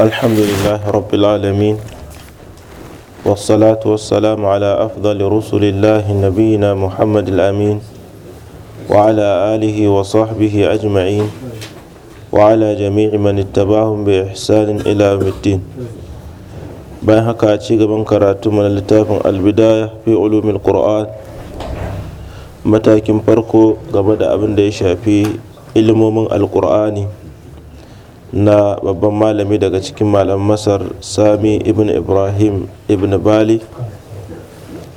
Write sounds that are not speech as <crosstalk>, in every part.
الحمد لله رب العالمين والصلاة والسلام على أفضل رسل الله نبينا محمد الأمين وعلى آله وصحبه أجمعين وعلى جميع من اتبعهم بإحسان إلى يوم الدين bayan haka a من gaban karatu mana littafin albidaya fi ulumin qur'an matakin farko game da abin da na babban malami daga cikin malam masar sami ibn ibrahim ibn bali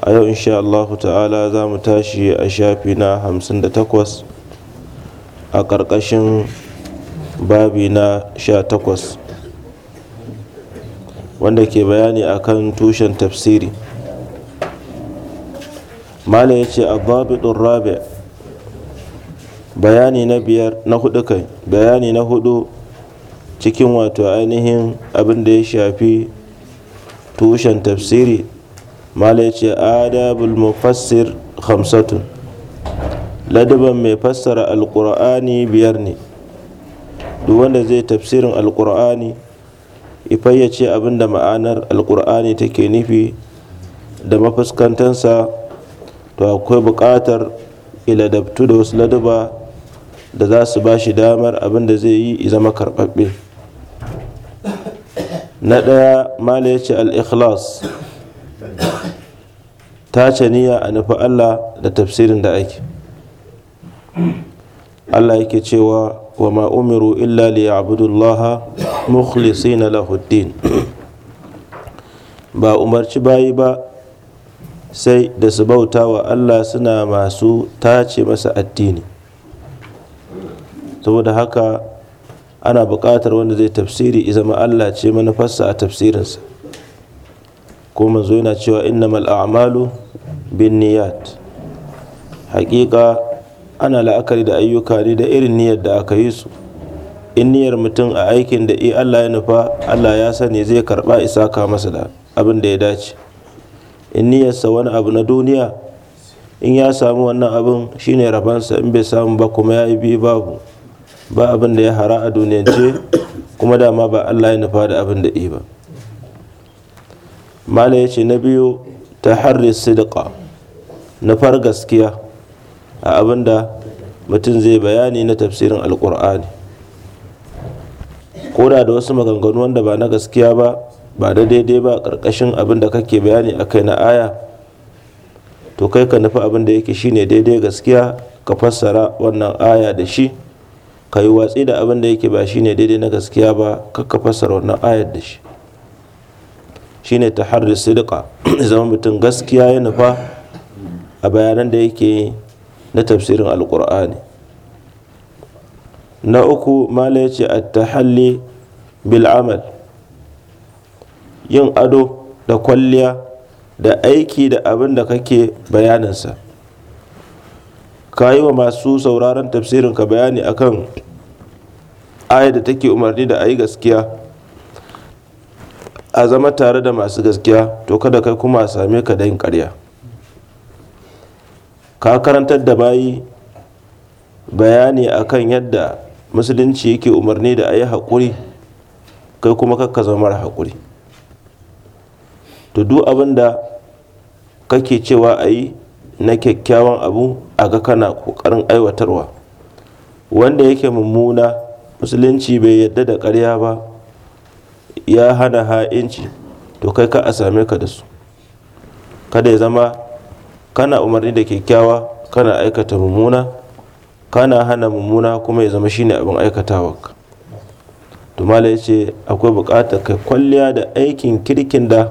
a yau insha allahu ta'ala za mu tashi a shafi na 58 a ƙarƙashin babi na 18 wanda ke bayani akan tushen tafsiri mala ya ce ababidun rabi bayani na biyar na hudu kai bayani na hudu cikin wato ainihin abin da ya shafi tushen tafsiri mala ya ce adabul mufassir hamsatun ladaban mai fassara alkur'ani biyar ne duk wanda zai tafsirin alkur'ani ce abin da ma'anar alkur'ani take nufi da mafuskantansa to akwai buƙatar iladabtu da wasu ladaba da za su ba shi damar abin da zai yi zama karɓaɓɓe na ɗaya mala ya ce al-ikhlas ta ce niyya a nufi allah da tafsirin da ake allah yake cewa wa ma umiru illa li ya'budullaha mukhlisina lahuddin ba umarci bayi ba sai da su bauta wa allah suna masu tace masa addini saboda haka ana buƙatar wanda zai tafsiri izama Allah ce manufarsa a tafsirinsa ko manzo yana cewa innamal a'malu bin niyat haƙiƙa ana la'akari da ayyuka ne da irin niyyar da aka yi su in niyyar mutum a aikin da i Allah ya nufa Allah ya sani zai karba isa ka masa da abin da ya dace in niyyarsa wani abu na duniya in ya samu wannan abin shine rabansa in bai samu ba kuma ya yi biyu babu ba abin da ya hara a ce kuma dama ba Allah ya nufa da abin da ba mala ya ce na biyu ta harri na nufar gaskiya a abin da mutum zai bayani na tafsirin alkur'ani ko da wasu maganganu wanda ba na gaskiya ba ba da daidai ba karkashin abin da kake bayani a kai na aya to kai ka nufi abin da yake shine daidai gaskiya ka fassara wannan aya da shi ka yi watsi da abin da yake ba shi ne daidai na gaskiya ba kakka fassara wannan ayar da shi shi ne ta da sidika zama mutum gaskiya ya nufa a bayanan da yake na tafsirin alkur'ani na uku mala ya ce a tahalli bil'amal yin ado da kwalliya da aiki da abin da kake bayaninsa ka yi wa masu sauraron tafsirin ka bayani akan ayar da take umarni da ayi yi gaskiya a zama tare da masu gaskiya to kada kai kuma a same ka da karya ka karantar da bayi bayani akan yadda musulunci yake umarni da ayi yi haƙuri kai kuma kakka zama mara haƙuri to duk abinda da kake cewa ayi. na kyakkyawan abu a ga kana kokarin aiwatarwa wanda yake mummuna musulunci bai yadda da ƙarya ba ya hana ha'inci to kai ka a same ka da su kada ya zama kana umarni da kyakkyawa kana aikata mummuna kana hana mummuna kuma ya zama shine abin aikatawa tumala ya ce akwai bukatar kai kwalliya da aikin kirkin da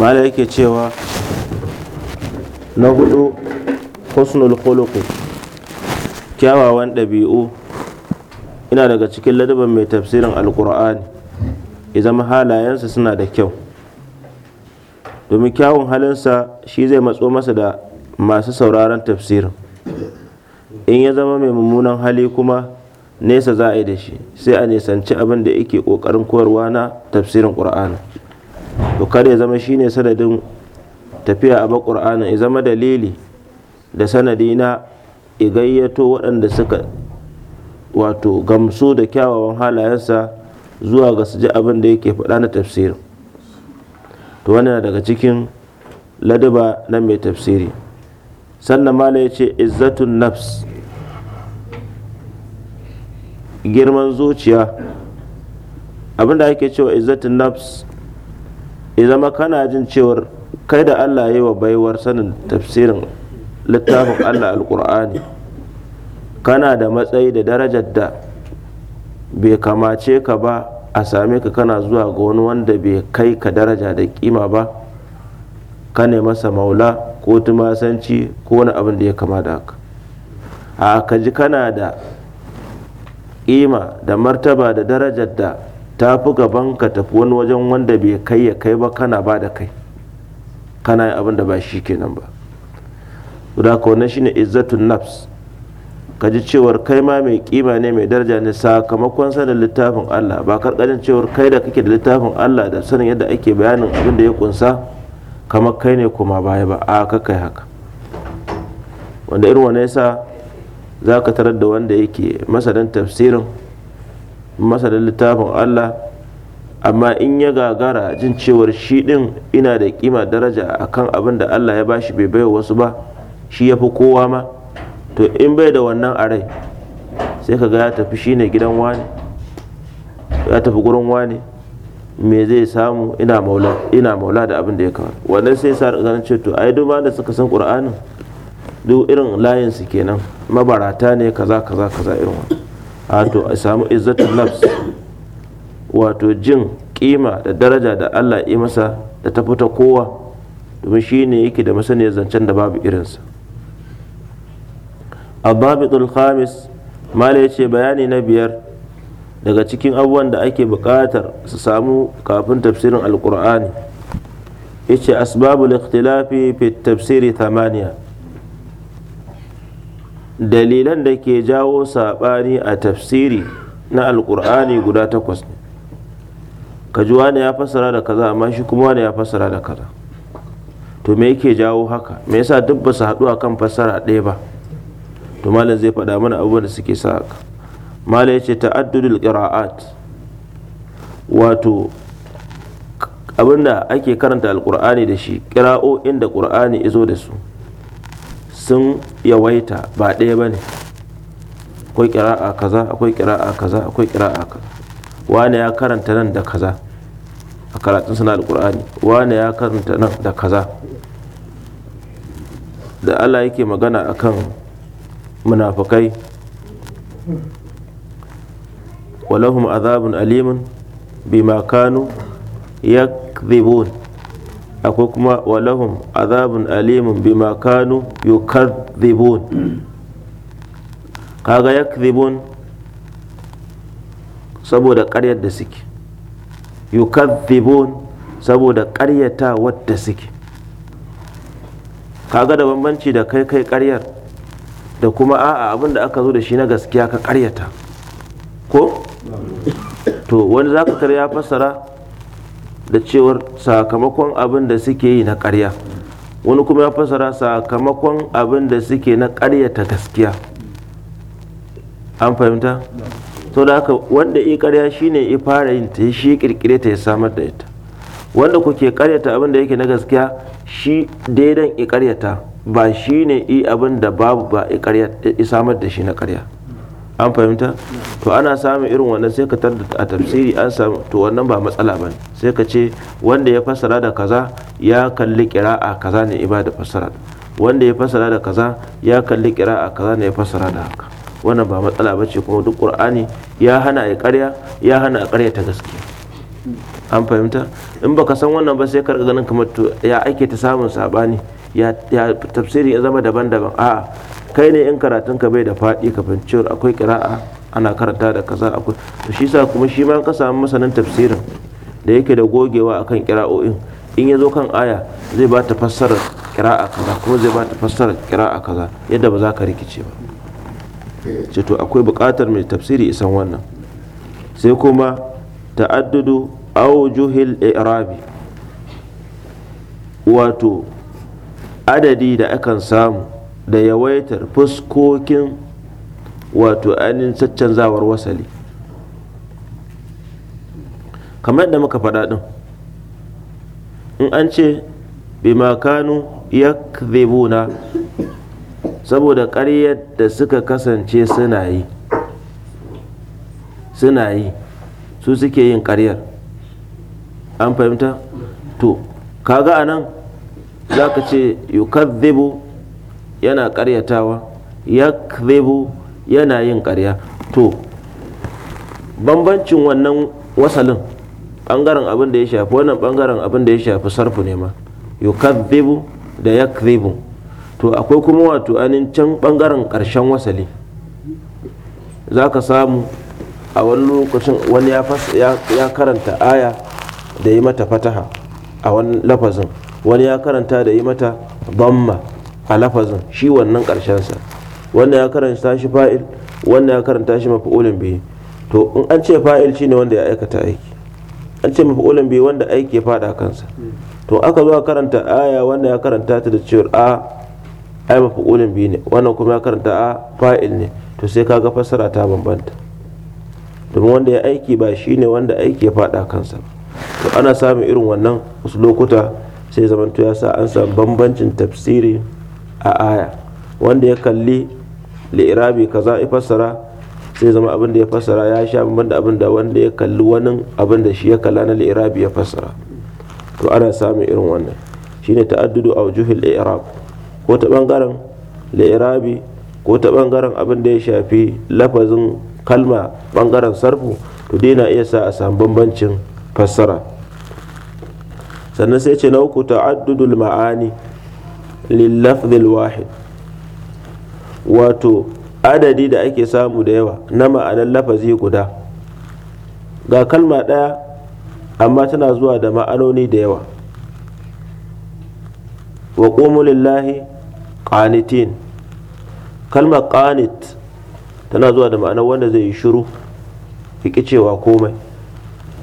mala yake cewa na hudu husnul khuluqi kyawawan ɗabi'u ina daga cikin ladaban mai tafsirin alkur'ani ya zama halayensa suna da kyau domin kyawun halin sa shi zai matso masa da masu sauraron tafsirin in ya zama mai mummunan hali kuma nesa za a yi da shi sai a nisanci abin da yake ƙoƙarin koyarwa na tafsirin ƙur'ani to kar ya zama shine sanadin tafiya a baƙur'anin ya zama dalili da sanadi na igayyato waɗanda suka wato gamsu da kyawawan halayensa zuwa ga su ji abin da yake faɗa na tafsirin to wannan daga cikin ladaba na mai tafsiri sannan mala ya ce izzatun nafs girman zuciya abin da ake cewa izzatun nafs ya zama kana jin cewar kai da allah ya yi wa baiwar sanin tafsirin littafin allah alkur'ani kana da matsayi da darajar da bai kamace ka ba a same ka kana zuwa ga wani wanda bai kai ka daraja da kima ba ka ne masa maula ko tumasanci ko wani abin da ya kama da haka a ka ji kana da kima da martaba da darajar da ta fi gaban ka tafi wani wajen wanda bai kai ya kai ba kana ba da kai kana yin abin da ba shi kenan ba guda ka wannan shine izzatun nafs ka ji cewar kai ma mai kima ne mai daraja ne sakamakon sanin littafin Allah ba karkarin cewar kai da kake da littafin Allah da sanin yadda ake bayanin abin da ya kunsa kamar kai ne kuma baya ba a ka kai haka wanda irin wani yasa za ka tarar da wanda yake masanin tafsirin masa da littafin Allah amma in ya gagara jin cewar shi ɗin ina da kima daraja akan abin da Allah ya bashi bai bai wasu ba shi ya fi kowa ma to in bai da wannan a rai sai ka ga ya tafi ne gidan wani ya tafi gurin wani me zai samu ina maula ina maula da abin da ya kawo wannan sai sa ganin ce to ai duma da suka san qur'anin duk irin layin su kenan mabarata ne kaza kaza kaza irin wannan wato a samu izzatul nafs wato jin kima da daraja da Allah ya masa da ta fita kowa domin shi yake da masaniyar zancen da babu irinsa ababitul khamis mala ya ce bayani na biyar daga cikin abubuwan da ake buƙatar su samu kafin tafsirin alkur'ani ya ce asbabul ikhtilafi fi tafsiri tamaniya dalilan da ke jawo saɓani a tafsiri na alkur'ani guda takwas ne ka ji wani ya fassara da kaza amma shi kuma wani ya fassara da kaza to me yake jawo haka me yasa duk ba su haɗu a kan fassara ɗaya ba to malam zai faɗa mana abubuwan da suke sa haka malam ya ce ta'addudul qira'at wato abinda ake karanta alkur'ani da shi ƙira'o'in da ƙur'ani izo da su sun yawaita ba ɗaya ba ne akwai ƙira'a kaza akwai ƙira'a kaza akwai ƙira'a kaza wane ya karanta nan da kaza a karatun suna alƙur'ani wane ya karanta nan da kaza da Allah yake magana akan munafukai walahum azabun alimun bima kanu yakdhibun akwai kuma walahum azabun alimun bimakanu kanu yukadhibun kaga yakdhibun saboda karyar da suke yukadhibun saboda karyata wadda suke kaga da bambanci da kai kai karyar da kuma a'a abin da aka zo da shi na gaskiya ka karyata ko to wani zaka ya fassara da cewar sakamakon abin da suke yi na ƙarya wani kuma ya fasara sakamakon abin da suke na ta gaskiya an fahimta to da haka wanda i ƙarya shine i fara yin ta shi kirkire ta ya samar da ita wanda kuke ƙaryata abin da yake na gaskiya shi daidan i ƙaryata ba shine i abin da babu ba i samar da shi na ƙarya an fahimta to ana samun irin wannan sai ka tarda a tafsiri an samu to wannan ba matsala ba sai ka ce wanda ya fassara da kaza ya kalli a kaza ne ibada fassara wanda ya fassara da kaza ya kalli a kaza ne ya fassara da haka wannan ba matsala ba ce kuma duk qur'ani ya hana a karya ya hana a karya ta gaske an fahimta in baka san wannan ba sai ka ganin kamar to ya ake ta samun sabani ya tafsiri ya zama daban-daban a'a kai ne in karatun ka bai da faɗi ka fahimci akwai kira'a ana karanta da kaza akwai to shi sa kuma shi ma ka samu masanin tafsirin da yake da gogewa akan kira'o'in in ya zo kan aya zai ba ta fassarar kira'a kaza kuma zai ba ta fassarar kira'a kaza yadda ba za ka rikice ba ce to akwai buƙatar mai tafsiri isan wannan sai kuma ta'addudu awjuhil i'rabi wato adadi da akan samu da yawaitar fuskokin wato ainihin zawar wasali kamar da muka faɗa ɗin in an ce bima kanu na saboda ƙaryar da suka kasance suna yi suna yi su suke yin ƙaryar an fahimta to kaga anan za ka ce yukadhibu yana karyatawa ya yana yin karya to bambancin wannan wasalin bangaren abin da ya shafi wannan bangaren abin da ya shafi sarfu ne ma yukadhibu da yakdhibu to akwai kuma wato anin can bangaren karshen wasali za ka samu a wani lokacin wani ya karanta aya da yi mata fataha a wani lafazin wani ya karanta da yi mata bamma. a lafazin shi wannan sa wanda ya karanta shi fa'il wanda ya karanta shi mafa'ulin biyu to in an ce fa'il shine wanda ya aikata aiki an ce mafa'ulin biyu wanda aiki ya fada kansa to aka zo karanta aya wanda ya karanta ta da cewar a ai mafa'ulin biyu ne wannan kuma ya karanta a fa'il ne to sai kaga fassara ta bambanta domin wanda ya aiki ba shine wanda aiki ya fada kansa to ana samun irin wannan wasu lokuta sai zamanto ya sa an samu bambancin tafsiri a aya wanda ya kalli li'irabi kaza ya fassara sai zama abin da ya fassara ya sha abin da abin da wanda ya kalli wani abin da shi ya kalla na li'irabi ya fassara to ana samun irin wannan shine ta'addudu a wujuhil i'rab ko ta bangaren li'irabi ko ta bangaren abin da ya shafi lafazin kalma bangaren sarfu to dai na iya sa a samu bambancin fassara sannan sai ce na uku ta'addudul ma'ani lillafzil wahid wato adadi da ake samu da yawa na ma'anar lafazi guda ga kalma ɗaya amma tana zuwa da ma'anoni da yawa wa ƙomu lillahi ƙanitin kalmar ƙanit tana zuwa da ma'anar wanda zai yi shiru ki cewa komai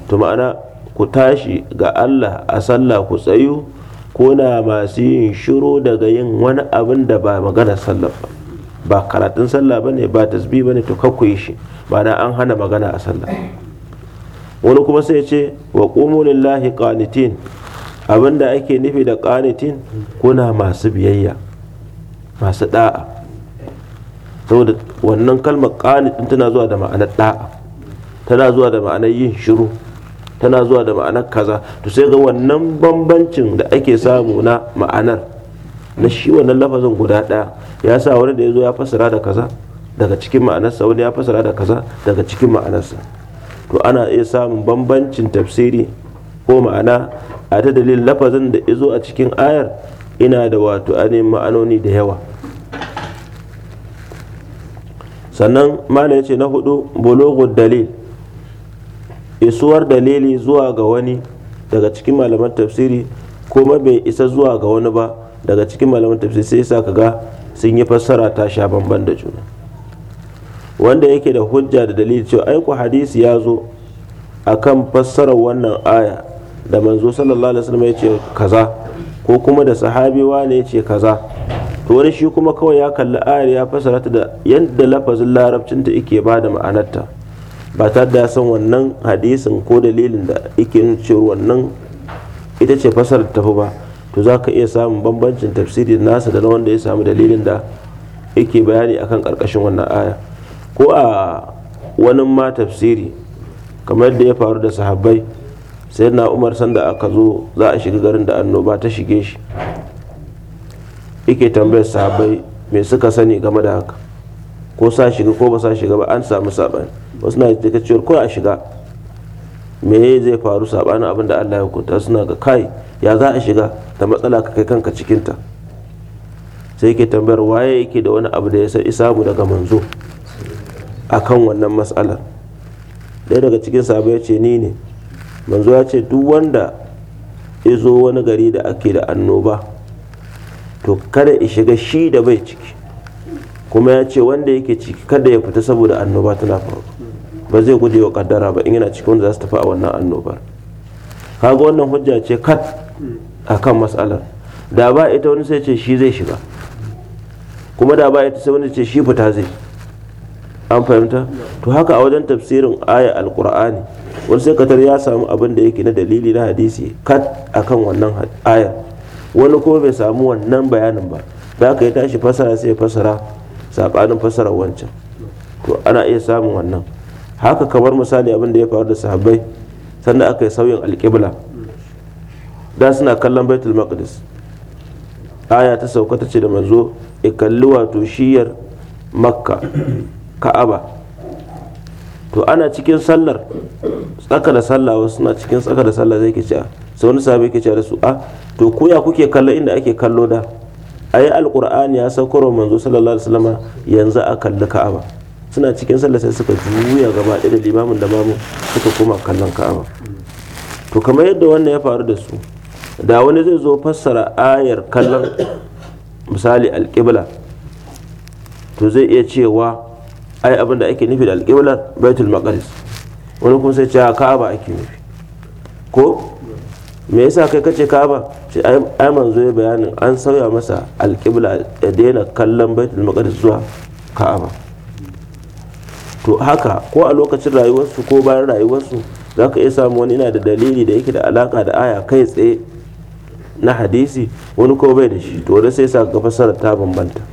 to ma'ana ku tashi ga allah a sallah ku tsayu kuna masu yin shiru daga yin wani abin da ba magana sallah ba ba karatun sallah ne ba ba ne to yi shi ba na an hana magana a sallah wani kuma sai ce wa ƙumu lillahi qanitin da ake nufi da qanitin kuna masu biyayya masu da'a saboda wannan kalmar qanitin tana zuwa da ma'anar da'a tana zuwa da ma'anar yin shiru tana zuwa da ma'anar kaza to sai ga wannan bambancin da ake samu na ma'anar na shi wannan lafazin guda ɗaya ya sa wani da ya zo ya fassara da kaza daga cikin ma'anarsa wani ya fassara da kaza daga cikin ma'anarsa to ana iya samun bambancin tafsiri ko ma'ana a ta dalilin lafazin da ya zo a cikin ayar ina da wato ainihin ma'anoni da yawa sannan mana ya ce na hudu bulugud dalil isuwar dalili zuwa ga wani daga cikin malaman tafsiri ko bai isa zuwa ga wani ba daga cikin malaman tafsiri sai sa ga sun yi fassara ta sha bamban da juna wanda yake da hujja da dalili cewa aiko hadisi ya zo akan fassarar wannan aya da manzo sallallahu alaihi wasallam ya ce kaza ko kuma da sahabi wane ya ce kaza to wani shi kuma kawai ya kalli ayar ya fassara ta da yadda lafazin larabcinta yake ba da ma'anarta ba ta da san wannan hadisin ko dalilin da yake nuna wannan ita ce fasar tafi ba to za ka iya samun bambancin tafsiri nasa da na wanda ya samu dalilin da yake bayani akan karkashin wannan aya ko a wani ma tafsiri kamar da ya faru da sahabbai sai na umar sanda aka zo za a shiga garin da annoba ta shige shi ike tambayar sahabbai me suka sani game da haka ko sa shiga ko ba sa shiga ba an samu sabani wasu na da cewar ko a shiga me zai faru sabanin abin da Allah ya hukunta suna ga kai ya za a shiga ta matsala ka kai kanka cikinta sai ke tambayar waye yake da wani abu da ya sai samu daga manzo a kan wannan matsalar ɗaya daga cikin sabai ya ce ni ne manzo ya ce duk wanda ya zo wani gari da ake da annoba to kada ya shiga shi da bai ciki kuma ya ce wanda yake ciki kada ya fita saboda annoba tana faru ba zai guje wa kaddara ba in yana cikin wanda za su tafi a wannan annobar kaga wannan hujja ce kat a kan matsalar da ba ita wani sai ce shi zai shiga kuma da ba ita sai wani ce shi fita zai an fahimta to haka a wajen tafsirin aya alkur'ani wani sai sakatar ya samu abin da yake na dalili na hadisi kat a kan wannan ayar wani kuma bai samu wannan bayanin ba da aka yi tashi fasara sai fasara saɓanin fasara wancan to ana iya samun wannan haka kamar misali abin da ya faru da sahabbai sannan aka yi sauyin alƙibla da suna kallon baitul maqdis aya ta sauka ta ce da manzo ya kalli wato shiyar makka <clears throat> ka'aba to ana cikin sallar tsaka da sallah wasu suna cikin tsaka da sallah zai ke ci sai wani sahabi ke ci da su a ah, to kuya kuke kalla inda ake kallo da ayi alqur'ani ya saukarwa manzo sallallahu alaihi wasallam yanzu a kalli ka'aba suna cikin sallah sai suka juya gaba ɗaya da limamin da mamu suka koma kallon ka'aba to kamar yadda wannan ya faru da su da wani zai zo fassara ayar kallon misali alƙibla to zai iya cewa ai abin da ake nufi da alƙibla baitul maqdis wani kuma sai ce ka'aba ake nufi ko me yasa kai kace ka'aba sai ai manzo ya bayanin an sauya masa alƙibla ya daina kallon baitul maqdis zuwa ka'aba to haka ko a lokacin rayuwarsu ko bayan rayuwarsu za ka iya samu wani yana da dalili da yake da alaka da aya kai tsaye na hadisi wani ko bai da shi to wani sai sa ga fasara ta bambanta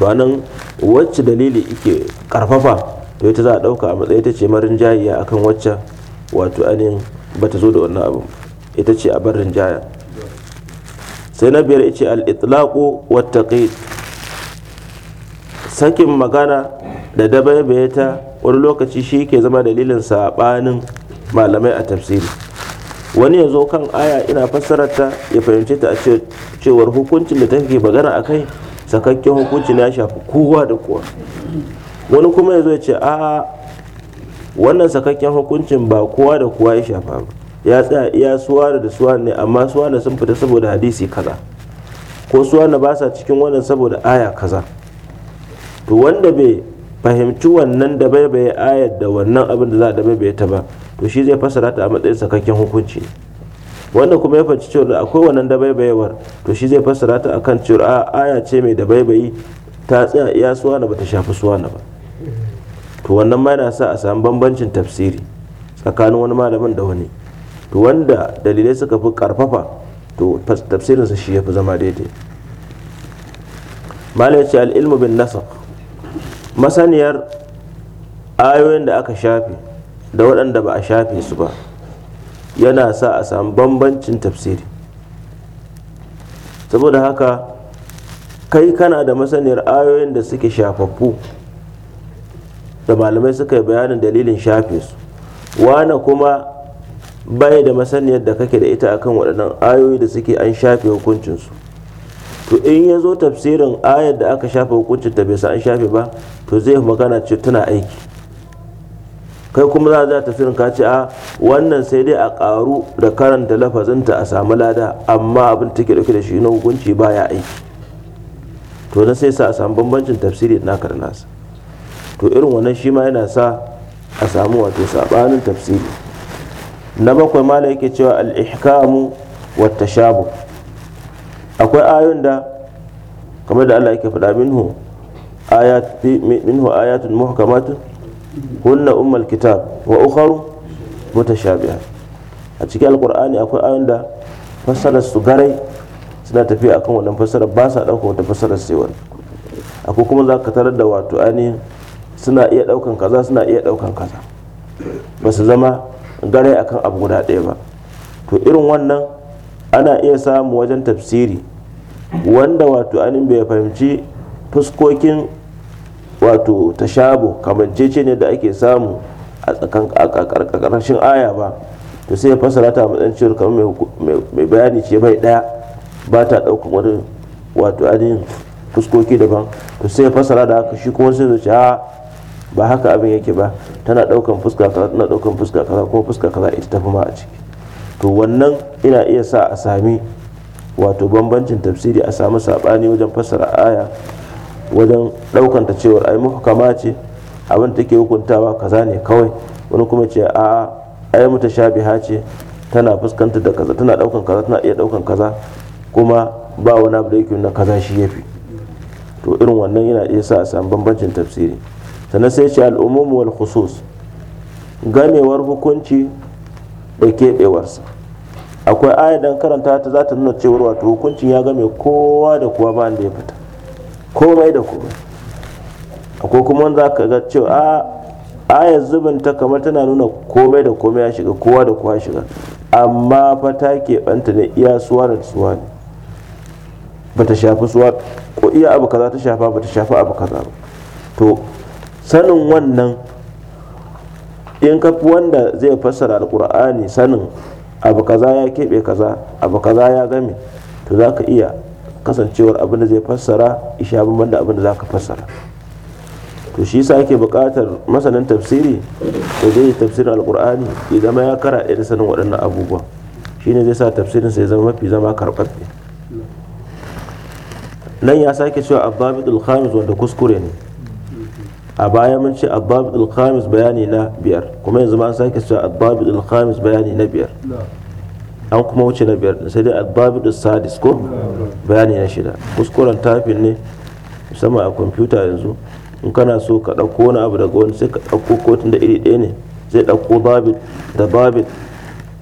to anan wacce dalili ike karfafa to ita za a dauka a matsayi ta ce marin jayiya akan wacce wato anin bata zo da wannan abu ita ce a barin jaya sai na biyar ice al-itlaqu wat sakin magana da dabaibaye ta wani lokaci shi ke zama dalilin saɓanin malamai a tafsiri wani ya zo kan aya ina fassarar ta ya fahimci ta a cewar hukuncin da take magana a kai sakakken hukuncin ya shafi kowa da kowa wani kuma ya zo ya ce a wannan sakakken hukuncin ba kowa da kowa ya shafa ba ya tsaya iya suwa da suwa ne amma suwa suwana sun fita saboda hadisi kaza ko na ba sa cikin wannan saboda aya kaza to wanda bai fahimci wannan da baibaye ayar da wannan abin da za a baibaye ta ba to shi zai fasara ta a matsayin sakakken hukunci wanda kuma ya fahimci cewa akwai wannan da baibayewar to shi zai fasara ta akan cewa a aya ce mai da baibayi ta tsaya iya suwa ba ta shafi na ba to wannan ma yana sa a samu bambancin tafsiri tsakanin wani malamin da wani to wanda dalilai suka fi karfafa to tafsirinsa shi ya fi zama daidai malam ya ce al'ilmu bin nasakh masaniyar ayoyin da aka shafe da waɗanda ba a shafe su ba yana sa a samu bambancin tafsiri saboda haka kai kana da masaniyar ayoyin da suke shafaffu da malamai suka yi bayanin dalilin shafe su wane kuma bai da masaniyar da kake da ita akan waɗannan ayoyi da suke an shafe hukuncinsu to in ya zo tafsirin ayar da aka shafa hukuncin ta bai sa an shafe ba to zai yi magana ce tana aiki kai kuma za a za tafsirin ka ce a wannan sai dai a ƙaru da karanta lafazinta a samu lada amma abin take dauke da shi na hukunci ba ya aiki to na sai sa a samu bambancin tafsiri na naka nasa to irin wannan shi ma yana sa a samu wato sabanin tafsiri na bakwai mala yake cewa al wata wa akwai ayoyin da kamar da Allah yake faɗa minhu ayati minhu ayatun muhkamatu hunna ummul kitab wa ukharu mutashabiha a cikin alqur'ani akwai ayoyin da fassarar su garai suna tafiya akan wannan fassarar ba sa dauka wata fassarar sai wani akwai kuma za ka tarar da wato ani suna iya daukan kaza suna iya daukan kaza ba su zama garai akan abu guda ɗaya ba to irin wannan ana iya samu wajen tafsiri wanda wato anin bai fahimci fuskokin wato tashabu kamancece ne da ake samu a ƙarƙashin aya ba to sai ya fasara ta matsayin cewar kamar mai bayani ce bai ɗaya ba ta ɗaukar wani wato anin fuskoki daban to sai ya fasara da haka shi kuma sai zuci a ba haka abin yake ba tana ɗaukan fuska kaza tana fuska kaza kuma fuska kaza ita tafi ma a ciki to wannan ina iya sa a sami wato bambancin tafsiri a sami saɓani wajen fassara aya wajen ɗaukanta cewar ai muhkama ce abin take hukuntawa kaza ne kawai wani kuma ce a ai mutashabiha ce tana fuskantar da kaza tana ɗaukan kaza tana iya ɗaukan kaza kuma ba wani abu da yake na kaza shi yafi to irin wannan yana iya sa a sami bambancin tafsiri sannan sai ce al'umumu wal khusus gamewar hukunci da keɓewarsa akwai aya dan karanta ta za ta nuna cewar wato hukuncin ya game kowa da kowa ba da ya fita komai da komai akwai kuma za ka ga cewa a aya zubin ta kamar tana nuna komai da komai ya shiga kowa da kowa shiga amma fa ta keɓanta ne iya suwa da suwa ne ta shafi suwa ko iya abu kaza ta shafa ba ta shafi abu kaza ba to sanin wannan in ka fi wanda zai fassara alkur'ani sanin abu kaza ya keɓe kaza abu kaza ya game to za ka iya kasancewar abin da zai fassara isha abin da abin da za ka fassara to shi yasa ake buƙatar masanin tafsiri da zai yi tafsirin alkur'ani ya zama ya kara da sanin waɗannan abubuwa shi ne zai sa tafsirin sai zama mafi zama karɓaɓɓe nan ya sake cewa abbabitul khamis wanda kuskure ne a baya mun ce abbabid al-khamis bayani na biyar kuma yanzu ma an sake cewa abbabid al-khamis bayani na biyar an kuma wuce na biyar sai dai al sadis ko bayani na shida kuskuren tafin ne musamman a kwamfuta yanzu in kana so ka ɗauko wani abu daga wani sai ka ɗauko kotun da iri ɗaya ne zai ɗauko babid da babid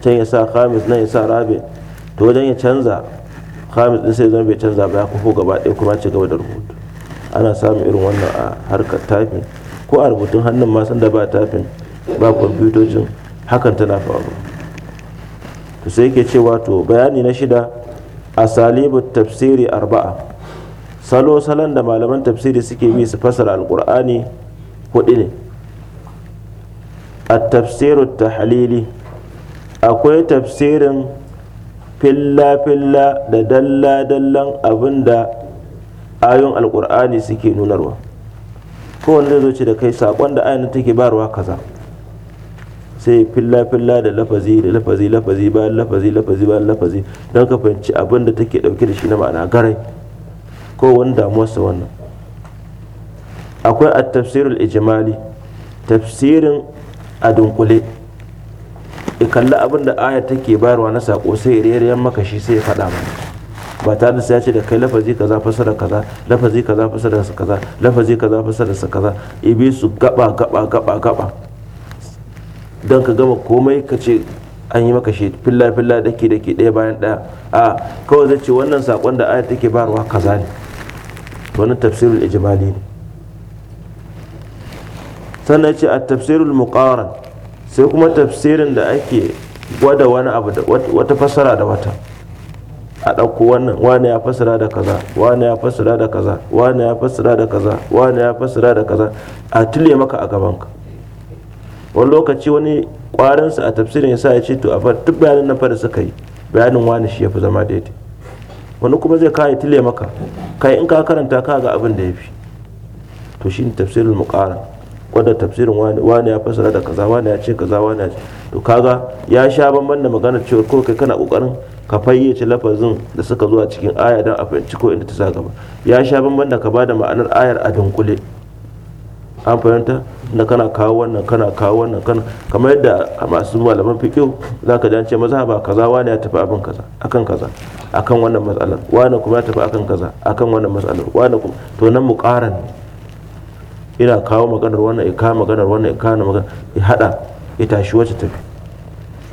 can ya sa khamis nan ya sa rabi to wajen ya canza khamis din sai zama bai canza ba ya kufo gaba ɗaya kuma ci gaba da rubutu ana samun irin wannan a harkar tafin ko a rubutun hannun ma da ba tafin ba kwamfutocin hakan tana faru to sai ke ce wato bayani na shida a salibu tafsiri arba'a salo salon da malaman tafsiri suke bi su fasara alkur'ani hudu ne a ta tahlili akwai tafsirin filla-filla da dalla-dallan abin da ayon alkur'ani suke nunarwa kowane zai zo ce da kai saƙon da ayan take barwa kaza sai filla filla da lafazi da lafazi lafazi bayan lafazi lafazi bayan lafazi don ka fahimci abin da take dauke da shi na ma'ana garai ko wani damuwarsa wannan akwai a tafsirul ijimali tafsirin a dunkule ya kalli abin da aya take bayarwa na saƙo sai ya maka shi sai ya faɗa mana ba ta da ya ce da kai lafazi kaza fasara kaza lafazi kaza fasara kaza lafazi kaza fasara kaza ibi su gaba gaba gaba gaba don ka gama komai ka ce an yi maka shi filla filla dake dake ɗaya bayan ɗaya a kawai zai ce wannan sakon da ayat take bayarwa kaza ne wannan tafsirul ijmali ne sannan ce a tafsirul muqaran sai kuma tafsirin da ake gwada wani abu da wata fasara da wata a ɗauko wannan wani ya fassara da kaza wani ya fassara da kaza wani ya fassara da kaza wani ya fassara da kaza a tile maka a gabanka wani lokaci wani kwarinsa a tafsirin ya sa ya ce to a far duk bayanin na fara suka yi bayanin wani shi ya fi zama daidai wani kuma zai kawo tile maka kai in ka karanta ka ga abin da ya fi to shi ne tafsirin muƙaran wanda tafsirin wani ya fassara da kaza wani ya ce kaza wani ya ce to kaga ya sha bamban da magana cewa ko kai kana kokarin ka fayyace lafazin da suka zuwa cikin aya dan a fahimci ko inda ta sa gaba ya sha bamban da ka ba da ma'anar ayar a dunkule an fahimta na kana kawo wannan kana kawo wannan kana kamar yadda masu malaman fiqh za ka dace maza ba kaza wani ya tafi abin kaza akan kaza akan wannan matsalar wani kuma ya tafi akan kaza akan wannan matsalar wani kuma to nan mu ne ina kawo maganar wannan ya kawo maganar wannan ya kawo maganar ya hada ya tashi wacce tafi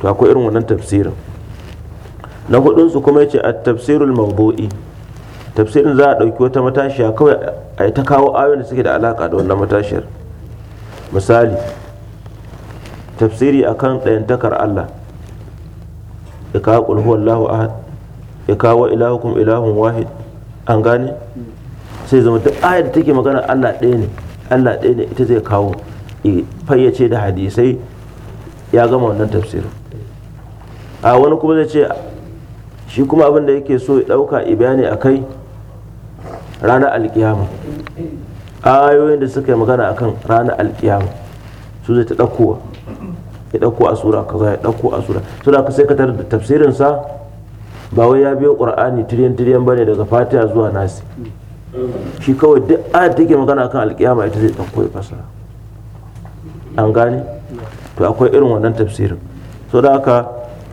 to akwai irin wannan tafsirin na hudun su kuma yace at tafsirul mawdu'i tafsirin za a dauki wata matashiya kawai a yi ta kawo ayoyin da suke da alaka da wannan matashiyar misali tafsiri akan takar Allah ya kawo qul huwallahu ahad ya kawo ilahukum ilahun wahid an gane sai zama duk ayar da take magana Allah ɗaya ne Allah ɗaya ne ita zai kawo fayyace da hadisai ya gama wannan tafsirin a wani kuma zai ce shi kuma abin da yake so ya ɗauka bayani a kai ranar alkiyama ayoyin da suka yi magana a kan ranar alkiyama su zai ta ɗaukowa ya ɗauko a sura kaza ya ɗauko a sura suna ka sai ka tarar da tafsirinsa ba wai ya biyo ƙur'ani tiriyan tiriyan bane daga fatiha zuwa nasi shi kawai duk ayat take magana kan alkiyama ita zai ɗauko ya fasara an gane to akwai irin wannan tafsirin so da haka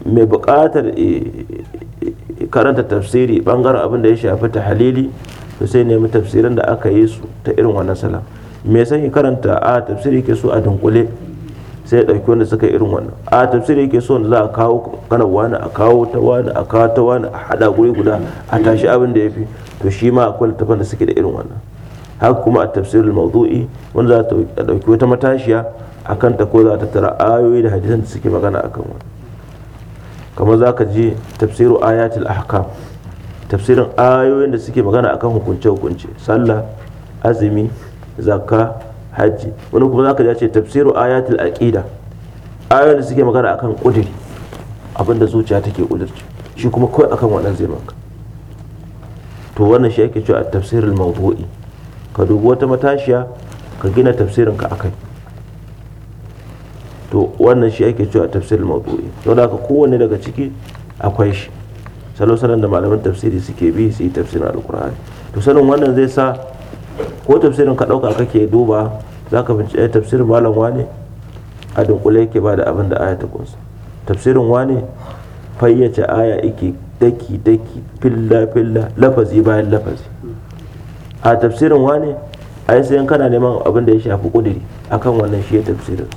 mai buƙatar karanta tafsiri ɓangaren abin da ya shafi ta halili to sai nemi tafsirin da aka yi su ta irin wannan sala me san karanta a tafsiri ke so a dunkule sai ya ɗauki wanda suka irin wannan a tafsiri yake so za a kawo kana wani a kawo ta wani a kawo ta wani a hada guri guda a tashi abin da ya fi to shi ma akwai littafan da suke da irin wannan haka kuma a tafsirin mawdu'i wanda za ta ɗauki wata matashiya a kan ta ko za ta tara ayoyi da hadisan da suke magana akan wani kamar za ka ji tafsiru ayatul ahkam tafsirin ayoyin da suke magana akan hukunce hukunce sallah azumi zakka hajji wani kuma zaka ji ce tafsiru ayatul aqida ayoyin da suke magana akan kudiri abinda zuciya take kudirci shi kuma kawai akan wannan zai maka to wannan shi yake cewa tafsirul mawdu'i ka dubi wata matashiya ka gina tafsirin ka akai to wannan shi yake cewa tafsirul mawdu'i to da ka kowanne daga ciki akwai shi salo sanan da malaman tafsiri suke bi su yi tafsirin alqur'ani to sanin wannan zai sa ko tafsirin ka ɗauka kake duba za ka bincike eh, tafsirin malam wane a dunkule yake ba da abin da aya ta kunsa tafsirin wane fayyace aya yake daki daki filla filla lafazi bayan lafazi a tafsirin wane ai sai kana neman abin da ya shafi kudiri akan wannan shi tafsirin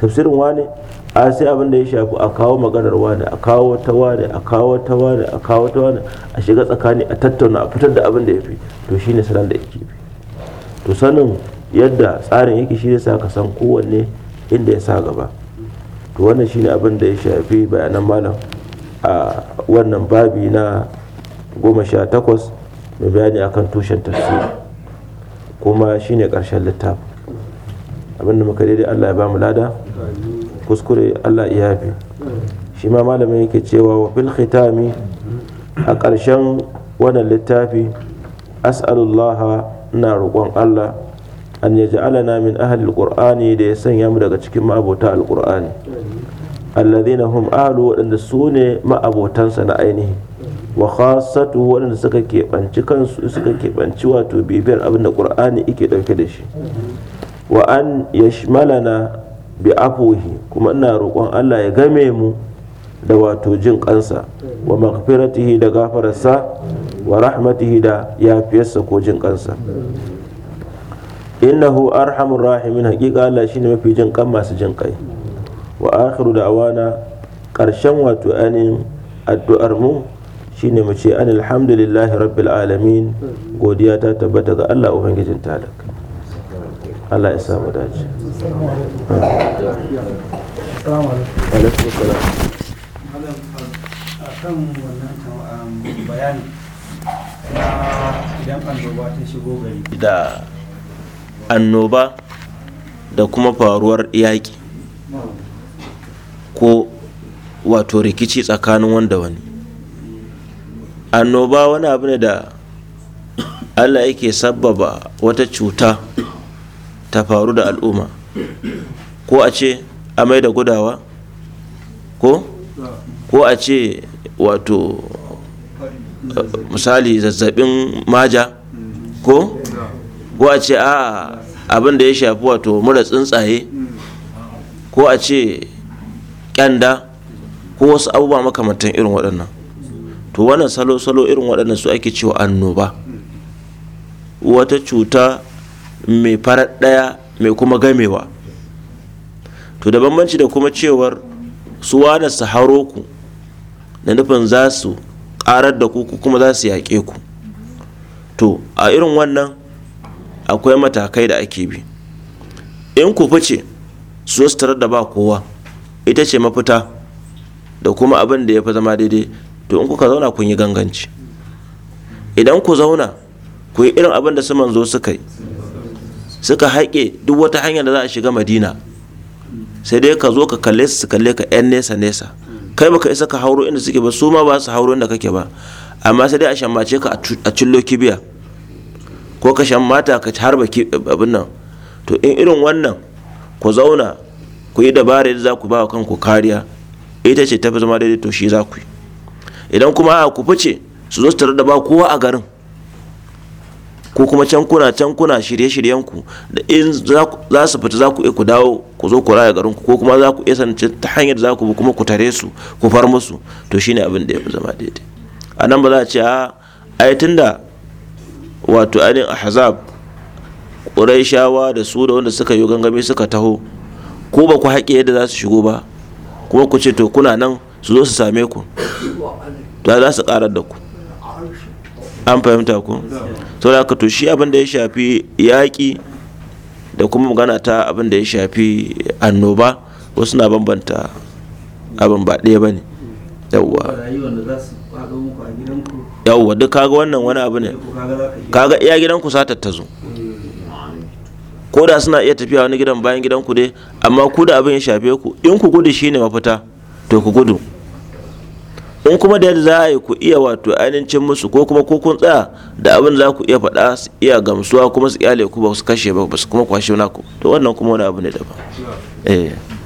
tafsirin wane a sai abin da ya shafi a kawo maganar wane a kawo ta wane a kawo ta wane a kawo ta wane a shiga tsakani a tattauna a fitar da abin da ya fi to shine salon da yake fi to sanin yadda tsarin yake shi ne sa ka san kowanne inda ya sa gaba to wannan ne abin da ya shafi bayanan malam a wannan babi na goma sha takwas mai bayani akan tushen tafsir kuma shi ne karshen littafi abinda muka daidai allah ya ba mu lada kuskure allah ya yafe shi ma malamin yake cewa wa fil khitami a karshen wannan littafi as'alullaha ina roƙon Allah an ya ji ja'alana min ahalil alqur'ani da ya sanya mu daga cikin ma'abota alqur'ani na hum alu waɗanda su ne ma'abotansa na ainihi wa khassatu waɗanda suka keɓanci kansu suka keɓanci wato bibiyar abin da ƙur'ani ike ɗauke da shi wa an yashmalana bi afuhi kuma ina roƙon Allah ya game mu da wato jin kansa wa magfiratihi da gafararsa wa rahmatihi da fiyarsa ko jin kansa innahu arhamur rahimin haƙiƙa Allah shine mafi jin kan masu jin kai wa akhiru awana karshen wato anin addu'ar mu shine mu ce an alhamdulillahi rabbil alamin godiya ta tabbata ga Allah ubangijin talak Allah ya samu dace alaikum salam akan wannan um, bayanin da annoba da kuma faruwar yaƙi ko wato rikici tsakanin wanda wani annoba wani abu ne da allah yake sabbaba wata cuta ta faru da al'umma ko a ce amai da gudawa ko a ce wato misali zazzabin maja ko ko a ce a abin da ya shafi wato mura tsuntsaye ko a ce kyanda ko wasu abubuwa makamantan irin waɗannan to wannan salo-salo irin waɗannan su ake cewa annoba wata cuta mai farar ɗaya mai kuma gamewa to da bambanci da kuma cewar su wane su haro ku da nufin za su karar da ku kuma za su yaƙe ku to a irin wannan akwai matakai da ake bi in ku fice su su tarar da ba kowa ita ce mafita da kuma abin da ya fi zama daidai to in kuka zauna kun yi ganganci idan ku zauna ku yi irin abin da su manzo suka yi suka haƙe duk wata hanyar da za a shiga madina sai dai ka zo ka kalle su kalle ka 'yan nesa nesa kai baka isa ka hauro inda suke ba su ma ba su hauro inda kake ba amma sai dai a shammace ka a cillo kibiya ko ka shammata ka harba abin nan to in irin wannan ku zauna ku yi dabara yadda za ku ba wa kanku kariya ita ce tafi zama daidai to shi za ku yi idan kuma ku fice su zo su tare da ba kowa a garin ko kuma can kuna can kuna shirye-shiryen ku da in za su fita za ku iya ku dawo ku zo ku raya garin ku ko kuma za ku iya sanance ta hanyar za ku bi kuma ku tare su ku far musu to shine abin da ya fi zama daidai a nan ba za a ce a ai tunda wato ainihin ahzab shawa da su da wanda suka yi gangami suka taho ko ba ku haƙe yadda za su shigo ba kuma ku ce to kuna nan su zo su same ku za su ƙarar da ku an fahimta ku to da to shi abin da ya shafi yaƙi da kuma magana ta abin da ya shafi annoba wasu na bambanta abin ba ɗaya ba ne yawwa yawwa duk kaga wannan wani abu ne kaga iya gidanku sa tattazo ko da suna iya tafiya wani gidan bayan gidanku dai amma ku da abin ya shafe ku in ku gudu shine mafita to ku gudu in kuma da yadda za a yi ku iya wato ainihin musu ko kuma ko kun tsaya da abin za ku iya faɗa su iya gamsuwa kuma su kyale ku ba su kashe ba su kuma kwashe naku to wannan kuma wani abu ne daban eh